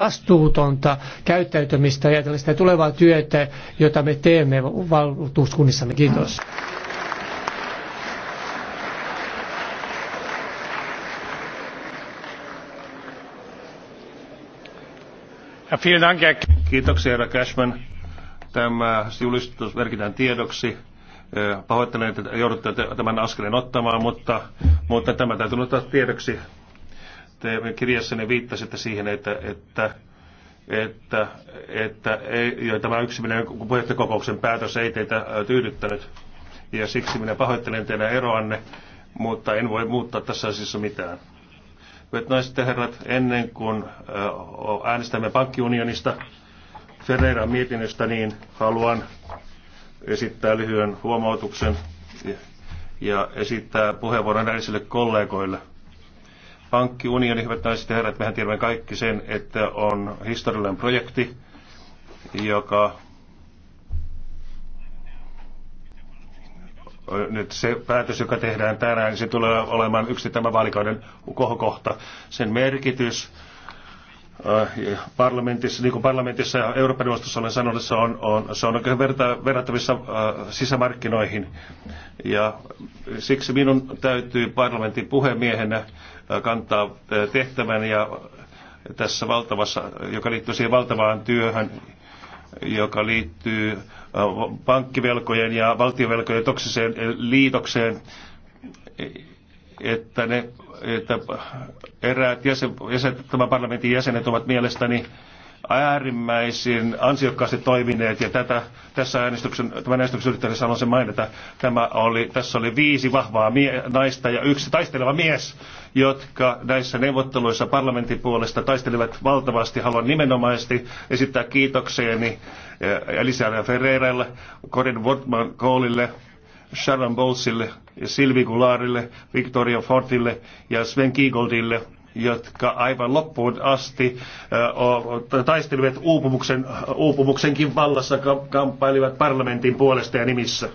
vastuutonta käyttäytymistä ja tällaista tulevaa työtä, jota me teemme valtuuskunnissamme. Kiitos. Kiitoksia, herra Cashman. Tämä julistus merkitään tiedoksi. Pahoittelen, että joudutte tämän askeleen ottamaan, mutta, mutta tämä täytyy ottaa tiedoksi te kirjassanne viittasitte siihen, että, että että, että ei, jo, tämä yksiminen puheenjohtajakokouksen päätös ei teitä tyydyttänyt. Ja siksi minä pahoittelen teidän eroanne, mutta en voi muuttaa tässä asiassa mitään. Hyvät naiset ja herrat, ennen kuin äänestämme pankkiunionista Ferreiran mietinnöstä, niin haluan esittää lyhyen huomautuksen ja esittää puheenvuoron näisille kollegoille. Pankkiunioni, hyvät naiset ja herrat, mehän tiedämme kaikki sen, että on historiallinen projekti, joka nyt se päätös, joka tehdään tänään, niin se tulee olemaan yksi tämän vaalikauden kohokohta. Sen merkitys Äh, parlamentissa, niin kuin parlamentissa ja Euroopan neuvostossa olen sanonut, se on, on, se on oikein verta, verrattavissa äh, sisämarkkinoihin. Ja siksi minun täytyy parlamentin puhemiehenä äh, kantaa äh, tehtävän ja tässä valtavassa, joka liittyy siihen valtavaan työhön, joka liittyy pankkivelkojen ja valtiovelkojen toksiseen liitokseen että, ne, että eräät jäsen, jäsen, tämän parlamentin jäsenet ovat mielestäni äärimmäisin ansiokkaasti toimineet ja tätä, tässä äänestyksen, tämän äänestyksen yhteydessä haluan sen mainita. Tämä oli, tässä oli viisi vahvaa mie- naista ja yksi taisteleva mies, jotka näissä neuvotteluissa parlamentin puolesta taistelivat valtavasti. Haluan nimenomaisesti esittää kiitokseeni eh, Elisabeth Ferreiralle, Corin Wortman Koolille, Sharon Bowlesille, Silvi Gularille, Victoria Fortille ja Sven Kiegoldille, jotka aivan loppuun asti taistelivat uupumuksen, uupumuksenkin vallassa, kamppailivat parlamentin puolesta ja nimissä.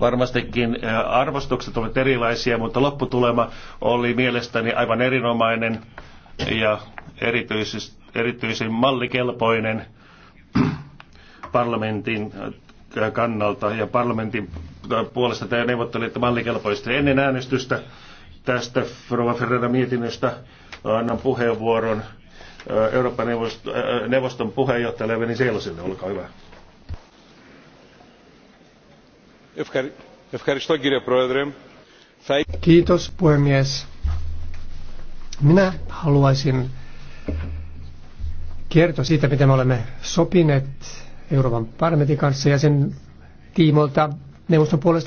Varmastikin arvostukset ovat erilaisia, mutta lopputulema oli mielestäni aivan erinomainen ja erityisesti erityisen mallikelpoinen parlamentin äh, kannalta ja parlamentin äh, puolesta tämä että mallikelpoista. Ennen äänestystä tästä Rova Ferreira mietinnöstä annan puheenvuoron äh, Euroopan neuvoston, puheenjohtajalle Veni Seiloselle. Olkaa hyvä. Kiitos puhemies. Minä haluaisin kertoi siitä, mitä me olemme sopineet Euroopan parlamentin kanssa ja sen tiimolta neuvoston puolesta